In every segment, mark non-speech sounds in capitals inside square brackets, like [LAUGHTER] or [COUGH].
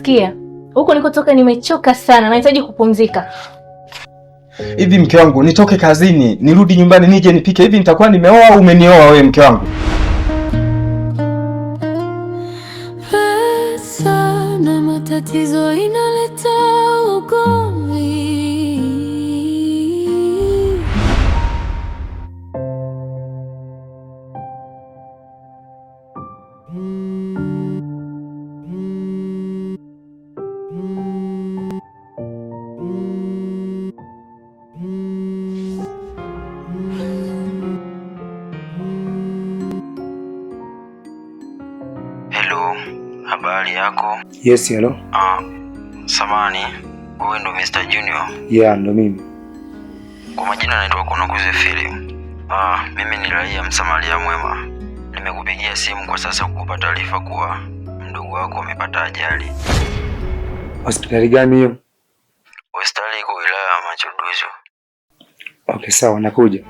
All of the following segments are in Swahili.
Unasikia, huko nikotoka nimechoka sana, nahitaji kupumzika. Hivi mke wangu, nitoke kazini nirudi nyumbani nije nipike? Hivi nitakuwa nimeoa au umenioa wewe mke wangu? Pesa na matatizo ina yako. Yes, hello. Ah, samani, wewe ndo Mr. Junior? Yeah, ndo mimi. Kwa majina naitwa Kunakuze Philip. Ah, mimi ni raia msamaria mwema. Nimekupigia simu kwa sasa kukupa taarifa kuwa mdogo wako amepata ajali. Hospitali gani hiyo? Hospitali iko wilaya ya Machuduzo. Okay, sawa, nakuja.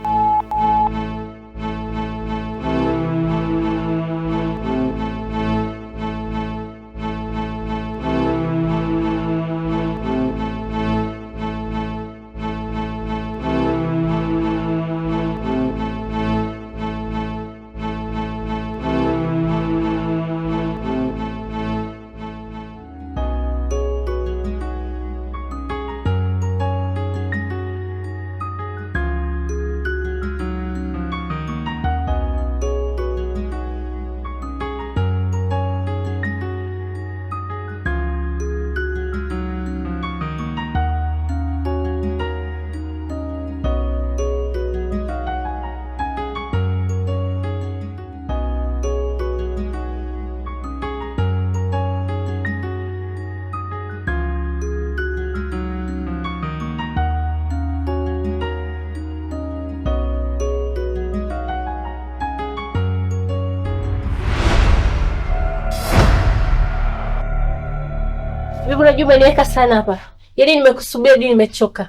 Bwana Juma niweka sana hapa, yaani nimekusubiri hadi nimechoka.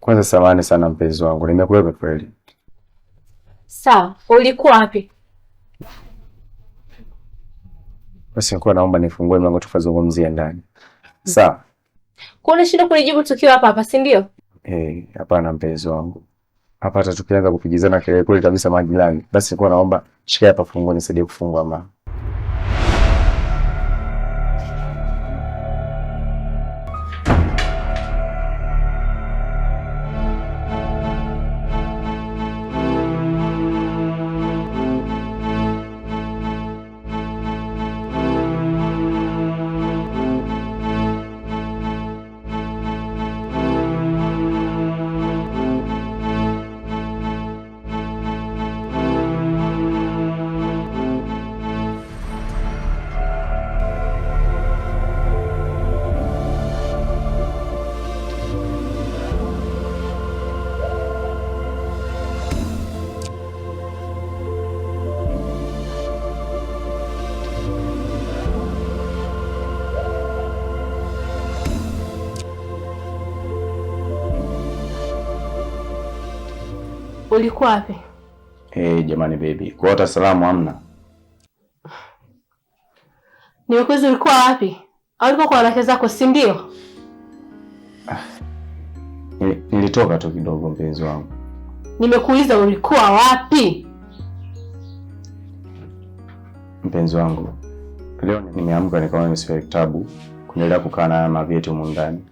Kwanza samahani sana mpenzi wangu, nimekuweka kweli. Sawa, ulikuwa wapi? Basi nilikuwa naomba nifungue mlango tukazungumzie ndani. Mm. Sawa. Kuna shida kunijibu tukiwa hapa hapa, si ndio? Eh, hapana mpenzi wangu. Hapa hata tukianza kupigizana kelele kule kabisa majirani. Basi nilikuwa naomba shika hapa funguo nisaidie kufungua mlango. Ulikuwa wapi? Hey, eh, jamani baby. Kwa hata salamu hamna. Nimekuuliza ulikuwa wapi? Au ulikuwa kwa rafiki zako, si ndio? Ah. Nilitoka tu kidogo mpenzi wangu. Nimekuuliza ulikuwa wapi? Mpenzi wangu. Leo nimeamka nikaona nisome kitabu, kuendelea kukaa na mavieti humu ndani.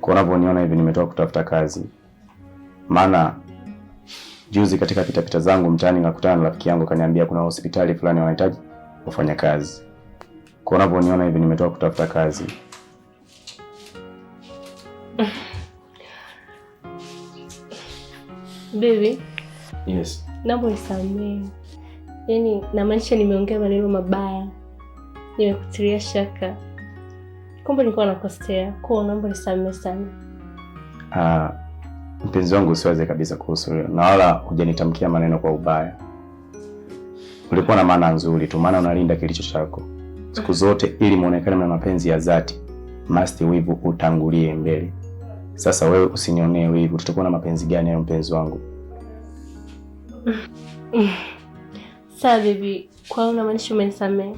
Kwa unavyoniona hivi nimetoka kutafuta kazi. Maana Juzi katika pitapita pita zangu mtaani nikakutana na rafiki yangu kaniambia kuna hospitali fulani wanahitaji wafanya kazi. Kwa unavyoniona hivi nimetoka kutafuta kazi. [SIGHS] Baby. Yes. Naomba nisamehe. Yaani namaanisha nimeongea maneno mabaya. Nimekutilia shaka. Kumbe nilikuwa nakosea. Kwa naomba nisamehe sana. Ah, mpenzi wangu, usiwaze kabisa kuhusu hilo, na wala hujanitamkia maneno kwa ubaya. Ulikuwa na maana nzuri tu, maana unalinda kilicho chako siku zote, ili muonekane na mapenzi ya dhati. Masti wivu utangulie mbele. Sasa wewe usinionee wivu, tutakuwa na mapenzi gani hayo, mpenzi wangu? Sasa bibi, kwa unamaanisha umenisamehe?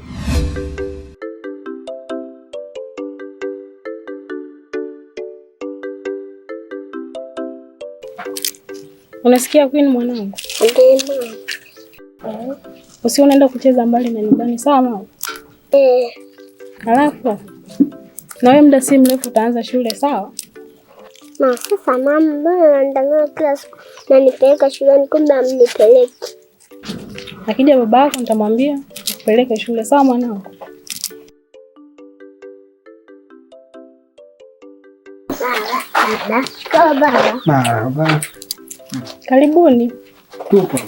Unasikia Queen mwanangu? Ndio. Eh. Usi unaenda kucheza mbali na nyumbani sawa mama? Eh. Alafu na wewe muda si mrefu utaanza shule sawa? Na sasa mama, mbona anadanganya kila siku na nipeleka shuleni kumbe amnipeleki. Akija baba yako nitamwambia nipeleke shule sawa mwanangu? Baba. baba. Baba. Karibuni. Tupo.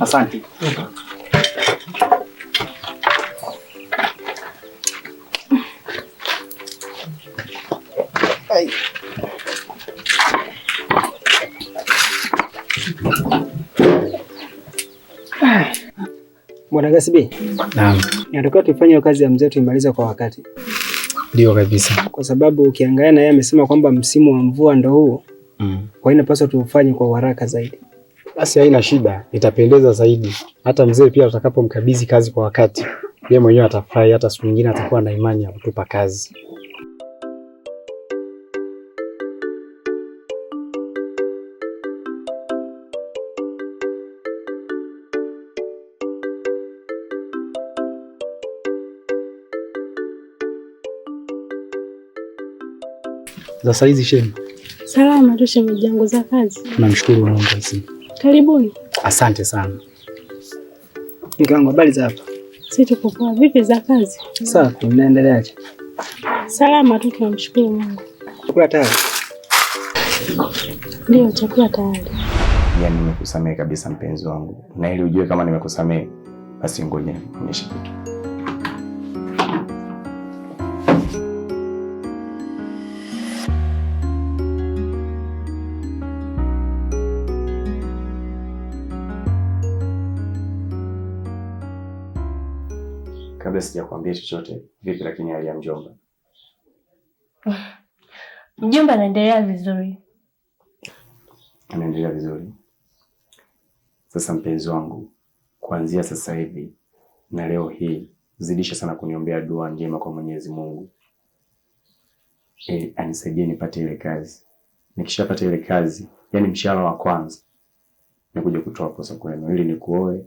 Asante. Tupo. Bwana Gasibi. Naam. Inatakiwa tufanye kazi ya mzee tuimalize kwa wakati ndio kabisa, kwa sababu ukiangalia na yeye amesema kwamba msimu wa mvua ndo huo mm. Kwa hiyo inapaswa tufanye kwa haraka zaidi. Basi haina shida, itapendeza zaidi. Hata mzee pia atakapomkabidhi kazi kwa wakati, yeye mwenyewe atafurahi, hata siku nyingine atakuwa na imani ya kutupa kazi. za saizi shemu? Salama tu shemeji yangu, za kazi? Namshukuru Mungu. Karibuni. Asante sana. Mkango, habari za hapa? Si tuko poa. Vipi za kazi? Safi. Mnaendeleaje? Salama tu, tunamshukuru Mungu. Chakula tayari? Ndio, chakula tayari. Yaani nimekusamehe kabisa mpenzi wangu, na ili ujue kama nimekusamehe, basi ngoja nikuonyeshe kitu kabla sijakwambia chochote, vipi lakini hali ya mjomba? [SIGHS] Mjomba anaendelea vizuri, anaendelea vizuri. Sasa mpenzi wangu, kuanzia sasa hivi na leo hii zidisha sana kuniombea dua njema kwa Mwenyezi Mungu e, anisaidie nipate ile kazi. Nikishapata ile kazi, yani mshahara wa kwanza, nikuja kutoa posa kwenu ili nikuoe,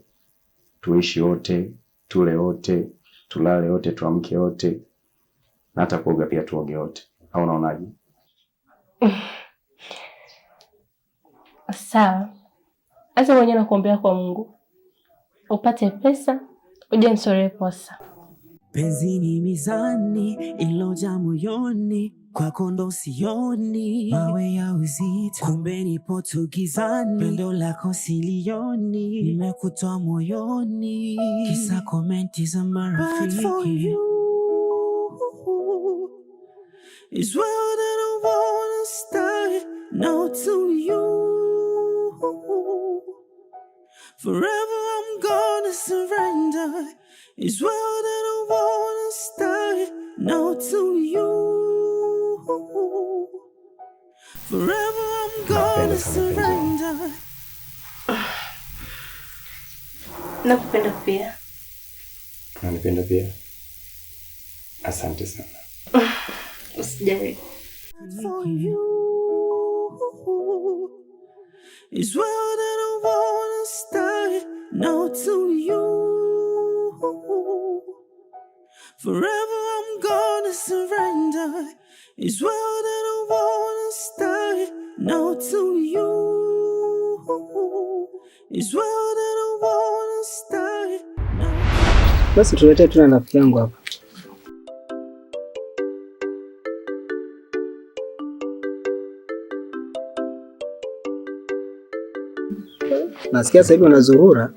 tuishi wote, tule wote tulale wote, tuamke wote, na hata kuoga pia tuoge wote, au unaonaje? [SIGHS] Sawa, hata mwenyewe nakuombea kwa Mungu upate pesa uje nisoree posa. Penzi ni mizani iloja moyoni kwako ndo sioni, mawe ya uzito, kumbe nipo tu gizani, pendo lako silioni, nimekutoa moyoni, kisa komenti za marafiki It's well that I wanna stay now to you. Forever I'm gonna surrender. It's well that I wanna stay now to you. Forever I'm gonna surrender. Nakupenda pia. Nanipenda pia. Asante sana. Usijali. For you is what I wanna stay. No to you. Forever I'm gonna surrender. It's well that I wanna stay now to you. It's well that I wanna stay now. Basi tuletee tuna rafiki yangu hapa. Nasikia sasa hivi unazurura.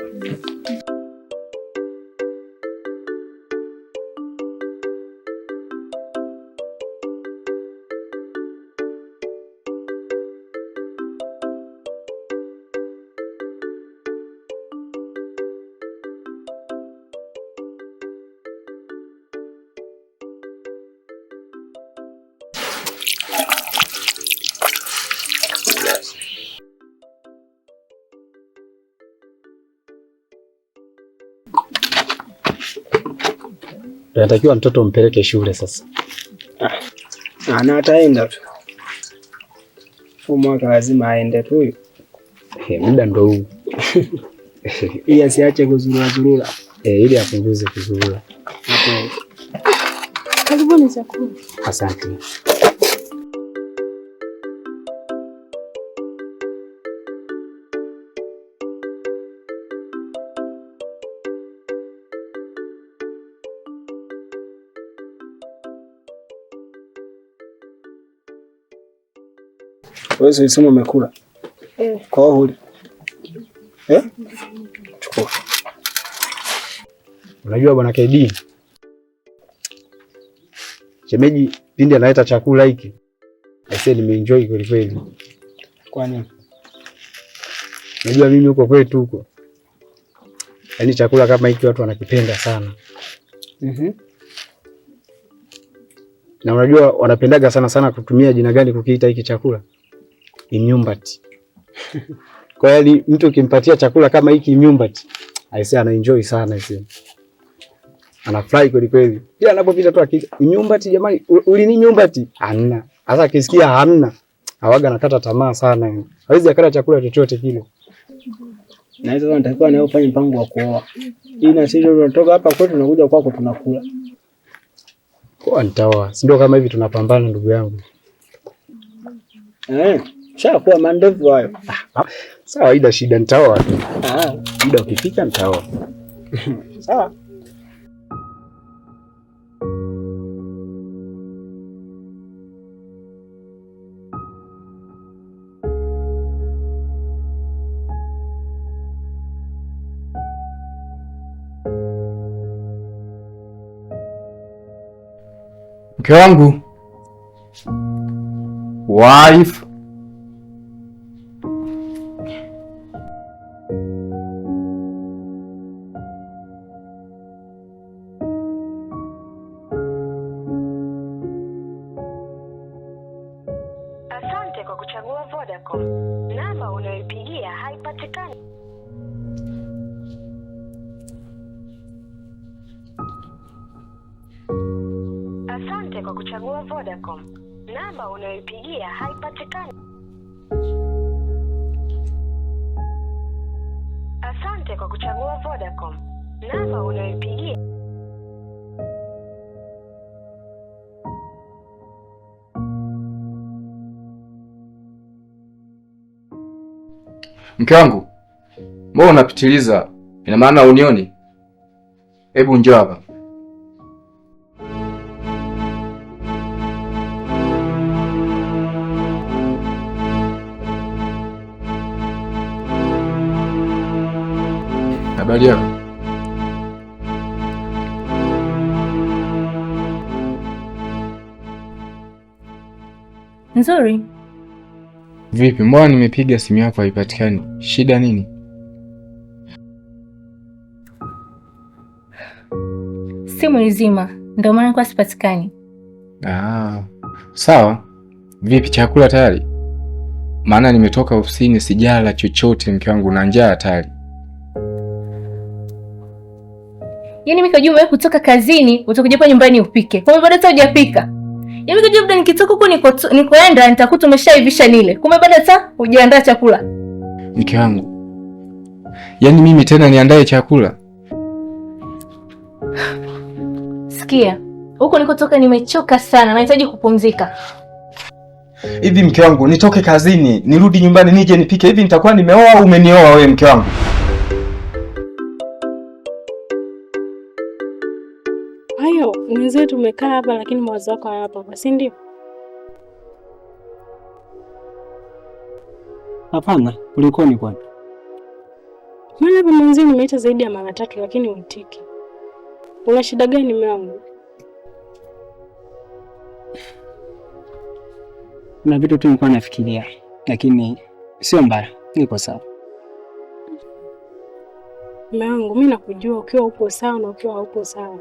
Tunatakiwa mtoto mpeleke shule sasa. Ah, ataenda tu. Huu mwaka lazima aende tu huyu. Eh, muda ndo huu. [LAUGHS] Ili asiache kuzurura zurura. Eh, ili apunguze kuzurura. Karibuni chakula. Asante. Tuwezi ulisema umekula eh. kwa huli eh? Chukua. Unajua bwana KD, shemeji pindi analeta chakula hiki aisee, nimeenjoy kweli kweli. Kwa nini? Unajua mimi huko kwetu huko, yaani chakula kama hiki watu wanakipenda sana mm -hmm. Na unajua wanapendaga sana sana kutumia jina gani kukiita hiki chakula? imyumbati kwa yaani, mtu ukimpatia chakula kama hiki imyumbati, aisee anaenjoy sana, aisee anafurahi kweli kweli, kila anapopita tu akija imyumbati, jamani, ulini imyumbati hamna. Sasa akisikia hamna, awaga nakata tamaa sana, yani hawezi akala chakula chochote kile. Na hizo ndio nitakuwa nayo fanya mpango wa kuoa, Hii na sisi tunatoka hapa kwetu tunakuja kwako tunakula kwa nitaoa, si ndio? Kama hivi tunapambana, ndugu yangu eh Shakuwa mandevu hayo. [LAUGHS] Sawa, ida shida, nitaoa tu. Ah. Muda ukifika nitaoa. [LAUGHS] Sawa. Mke wangu. Wife. yoyote kwa kuchagua Vodacom. Namba unayoipigia haipatikani. Asante kwa kuchagua Vodacom. Namba unayoipigia haipatikani. Asante kwa kuchagua Vodacom. Namba unayoipigia Mke wangu, mbona unapitiliza? Ina maana unioni? Hebu njoo hapa. Habari yako? Nzuri. Vipi, mbona nimepiga simu yako haipatikani? Shida nini? Simu izima, ndio maana kwa sipatikani. Ah, sawa. Vipi, chakula tayari? Maana nimetoka ofisini sijala chochote, mke wangu na njaa hatari. Yaani mimi kajua kutoka kazini utakuja hapa nyumbani upike, kwa hiyo bado hujapika. Hivi kujua labda nikitoka huko nikoenda nitakuta umeshaivisha nile. Kumbe bado hata hujaandaa chakula. Mke wangu. Yaani mimi tena niandae chakula? Sikia. Huko nikotoka nimechoka sana, nahitaji kupumzika. Hivi mke wangu, nitoke kazini, nirudi nyumbani nije nipike. Hivi nitakuwa nimeoa au umenioa wewe mke wangu? Kwa hiyo wenzetu tumekaa hapa, lakini mawazo yako hayapo hapa, si ndio? Hapana, ulikuwa ni kwani? Maana hapa mwanzio nimeita zaidi ya mara tatu, lakini unitiki. Una shida gani mwanangu? Na vitu tu nilikuwa nafikiria, lakini sio mbaya, niko sawa. Mwanangu, mimi nakujua ukiwa upo sawa na ukiwa haupo sawa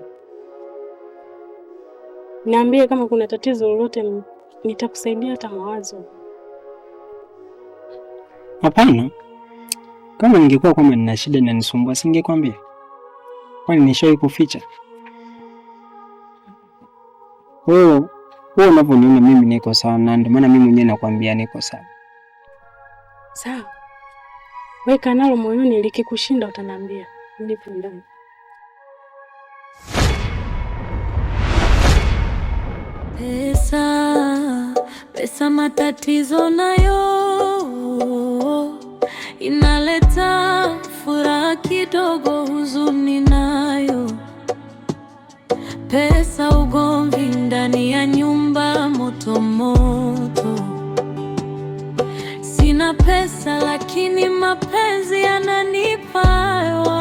Niambie kama kuna tatizo lolote, nitakusaidia hata mawazo. Hapana, kama ningekuwa kwamba nina shida nisumbua, singekwambia, kwani nishawahi kuficha? Wewe wewe unavyoniona mimi niko sawa, na ndio maana mimi mwenyewe nakwambia niko sawa. Sawa, weka nalo moyoni, likikushinda utaniambia. Nipo ndani. Pesa, pesa matatizo nayo inaleta furaha kidogo, huzuni nayo pesa, ugomvi ndani ya nyumba, moto moto. Sina pesa lakini mapenzi yananipa